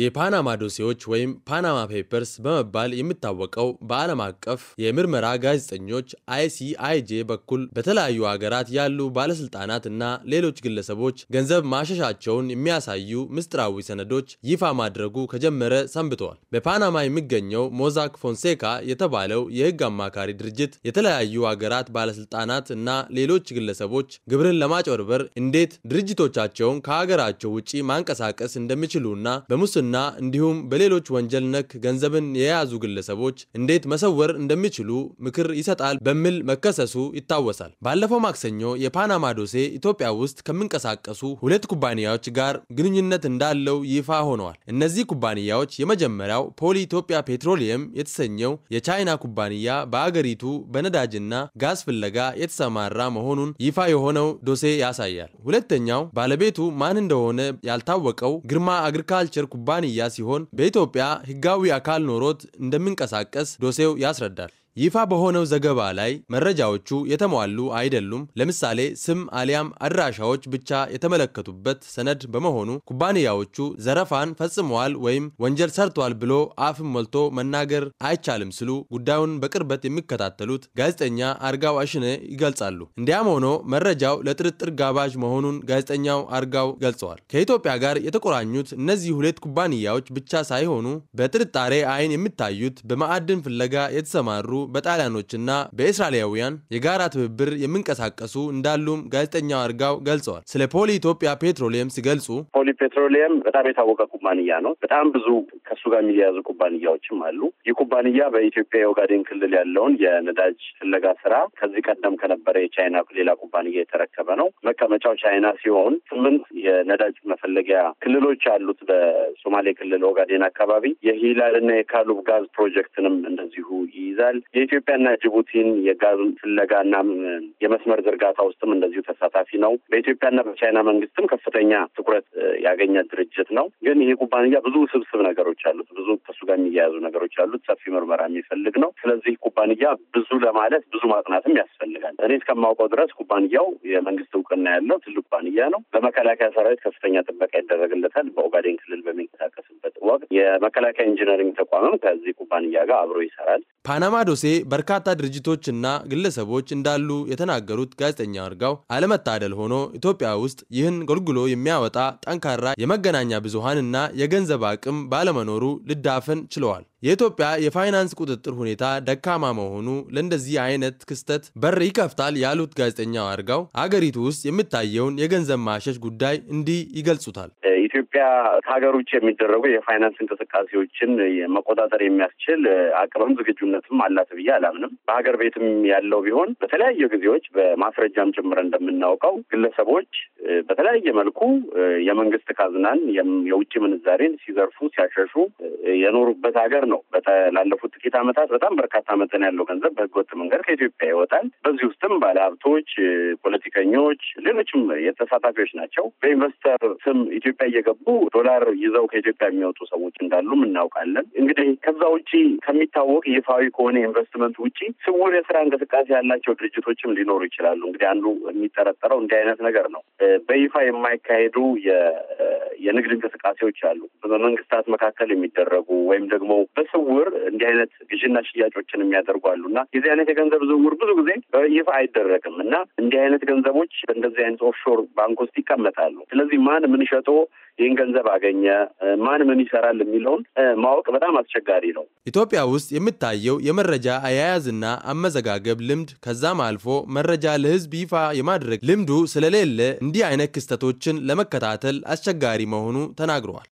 የፓናማ ዶሴዎች ወይም ፓናማ ፔፐርስ በመባል የሚታወቀው በዓለም አቀፍ የምርመራ ጋዜጠኞች አይሲአይጄ በኩል በተለያዩ ሀገራት ያሉ ባለስልጣናት እና ሌሎች ግለሰቦች ገንዘብ ማሸሻቸውን የሚያሳዩ ምስጢራዊ ሰነዶች ይፋ ማድረጉ ከጀመረ ሰንብተዋል። በፓናማ የሚገኘው ሞዛክ ፎንሴካ የተባለው የህግ አማካሪ ድርጅት የተለያዩ ሀገራት ባለስልጣናት እና ሌሎች ግለሰቦች ግብርን ለማጭበርበር እንዴት ድርጅቶቻቸውን ከሀገራቸው ውጭ ማንቀሳቀስ እንደሚችሉና በሙስ ሙስና እንዲሁም በሌሎች ወንጀል ነክ ገንዘብን የያዙ ግለሰቦች እንዴት መሰወር እንደሚችሉ ምክር ይሰጣል በሚል መከሰሱ ይታወሳል። ባለፈው ማክሰኞ የፓናማ ዶሴ ኢትዮጵያ ውስጥ ከሚንቀሳቀሱ ሁለት ኩባንያዎች ጋር ግንኙነት እንዳለው ይፋ ሆነዋል። እነዚህ ኩባንያዎች የመጀመሪያው ፖሊ ኢትዮጵያ ፔትሮሊየም የተሰኘው የቻይና ኩባንያ በአገሪቱ በነዳጅና ጋዝ ፍለጋ የተሰማራ መሆኑን ይፋ የሆነው ዶሴ ያሳያል። ሁለተኛው ባለቤቱ ማን እንደሆነ ያልታወቀው ግርማ አግሪካልቸር ኩባ ኩባንያ ሲሆን በኢትዮጵያ ሕጋዊ አካል ኖሮት እንደሚንቀሳቀስ ዶሴው ያስረዳል። ይፋ በሆነው ዘገባ ላይ መረጃዎቹ የተሟሉ አይደሉም። ለምሳሌ ስም አሊያም አድራሻዎች ብቻ የተመለከቱበት ሰነድ በመሆኑ ኩባንያዎቹ ዘረፋን ፈጽመዋል ወይም ወንጀል ሰርቷል ብሎ አፍም ሞልቶ መናገር አይቻልም ሲሉ ጉዳዩን በቅርበት የሚከታተሉት ጋዜጠኛ አርጋው አሽኔ ይገልጻሉ። እንዲያም ሆኖ መረጃው ለጥርጥር ጋባዥ መሆኑን ጋዜጠኛው አርጋው ገልጸዋል። ከኢትዮጵያ ጋር የተቆራኙት እነዚህ ሁለት ኩባንያዎች ብቻ ሳይሆኑ በጥርጣሬ አይን የሚታዩት በማዕድን ፍለጋ የተሰማሩ በጣሊያኖችና በእስራኤላውያን የጋራ ትብብር የሚንቀሳቀሱ እንዳሉም ጋዜጠኛው አርጋው ገልጸዋል። ስለ ፖሊ ኢትዮጵያ ፔትሮሊየም ሲገልጹ ፖሊ ፔትሮሊየም በጣም የታወቀ ኩባንያ ነው። በጣም ብዙ ከሱ ጋር የሚያያዙ ኩባንያዎችም አሉ። ይህ ኩባንያ በኢትዮጵያ የኦጋዴን ክልል ያለውን የነዳጅ ፍለጋ ስራ ከዚህ ቀደም ከነበረ የቻይና ሌላ ኩባንያ የተረከበ ነው። መቀመጫው ቻይና ሲሆን ስምንት የነዳጅ መፈለጊያ ክልሎች አሉት። በሶማሌ ክልል ኦጋዴን አካባቢ የሂላል እና የካሉብ ጋዝ ፕሮጀክትንም እንደዚሁ ይይዛል። የኢትዮጵያና ጅቡቲን የጋዝ ፍለጋና የመስመር ዝርጋታ ውስጥም እንደዚሁ ተሳታፊ ነው። በኢትዮጵያና በቻይና መንግስትም ከፍተኛ ትኩረት ያገኘ ድርጅት ነው። ግን ይሄ ኩባንያ ብዙ ስብስብ ነገሮች አሉት። ብዙ ከሱ ጋር የሚያያዙ ነገሮች አሉት። ሰፊ ምርመራ የሚፈልግ ነው። ስለዚህ ኩባንያ ብዙ ለማለት ብዙ ማጥናትም ያስፈልጋል። እኔ እስከማውቀው ድረስ ኩባንያው የመንግስት እውቅና ያለው ትልቅ ኩባንያ ነው። በመከላከያ ሰራዊት ከፍተኛ ጥበቃ ይደረግለታል። በኦጋዴን ክልል በሚንቀሳቀስበት ወቅት የመከላከያ ኢንጂነሪንግ ተቋምም ከዚህ ኩባንያ ጋር አብሮ ይሰራል። ፓናማ ዶሴ ደሴ በርካታ ድርጅቶችና ግለሰቦች እንዳሉ የተናገሩት ጋዜጠኛ አርጋው አለመታደል ሆኖ ኢትዮጵያ ውስጥ ይህን ጎልጉሎ የሚያወጣ ጠንካራ የመገናኛ ብዙሀንና የገንዘብ አቅም ባለመኖሩ ልዳፈን ችለዋል። የኢትዮጵያ የፋይናንስ ቁጥጥር ሁኔታ ደካማ መሆኑ ለእንደዚህ አይነት ክስተት በር ይከፍታል ያሉት ጋዜጠኛው አርጋው አገሪቱ ውስጥ የሚታየውን የገንዘብ ማሸሽ ጉዳይ እንዲህ ይገልጹታል። ኢትዮጵያ ከሀገር ውጭ የሚደረጉ የፋይናንስ እንቅስቃሴዎችን መቆጣጠር የሚያስችል አቅምም ዝግጁነትም አላት ብዬ አላምንም። በሀገር ቤትም ያለው ቢሆን በተለያዩ ጊዜዎች በማስረጃም ጭምር እንደምናውቀው ግለሰቦች በተለያየ መልኩ የመንግስት ካዝናን የውጭ ምንዛሬን ሲዘርፉ፣ ሲያሸሹ የኖሩበት ሀገር ነው። በተላለፉት ጥቂት ዓመታት በጣም በርካታ መጠን ያለው ገንዘብ በህገወጥ መንገድ ከኢትዮጵያ ይወጣል። በዚህ ውስጥም ባለሀብቶች፣ ፖለቲከኞች፣ ሌሎችም የተሳታፊዎች ናቸው። በኢንቨስተር ስም ኢትዮጵያ እየገቡ ዶላር ይዘው ከኢትዮጵያ የሚወጡ ሰዎች እንዳሉም እናውቃለን። እንግዲህ ከዛ ውጭ ከሚታወቅ ይፋዊ ከሆነ ኢንቨስትመንት ውጭ ስውር የስራ እንቅስቃሴ ያላቸው ድርጅቶችም ሊኖሩ ይችላሉ። እንግዲህ አንዱ የሚጠረጠረው እንዲህ አይነት ነገር ነው። በይፋ የማይካሄዱ የንግድ እንቅስቃሴዎች አሉ። በመንግስታት መካከል የሚደረጉ ወይም ደግሞ በስውር እንዲህ አይነት ግዥና ሽያጮችን የሚያደርጉ አሉ እና የዚህ አይነት የገንዘብ ዝውውር ብዙ ጊዜ በይፋ አይደረግም እና እንዲህ አይነት ገንዘቦች በእንደዚህ አይነት ኦፍሾር ባንክ ውስጥ ይቀመጣሉ። ስለዚህ ማን ምን ሸጦ ይህን ገንዘብ አገኘ፣ ማን ምን ይሰራል የሚለውን ማወቅ በጣም አስቸጋሪ ነው። ኢትዮጵያ ውስጥ የሚታየው የመረጃ አያያዝና አመዘጋገብ ልምድ ከዛም አልፎ መረጃ ለሕዝብ ይፋ የማድረግ ልምዱ ስለሌለ እንዲህ አይነት ክስተቶችን ለመከታተል አስቸጋሪ መሆኑ ተናግረዋል።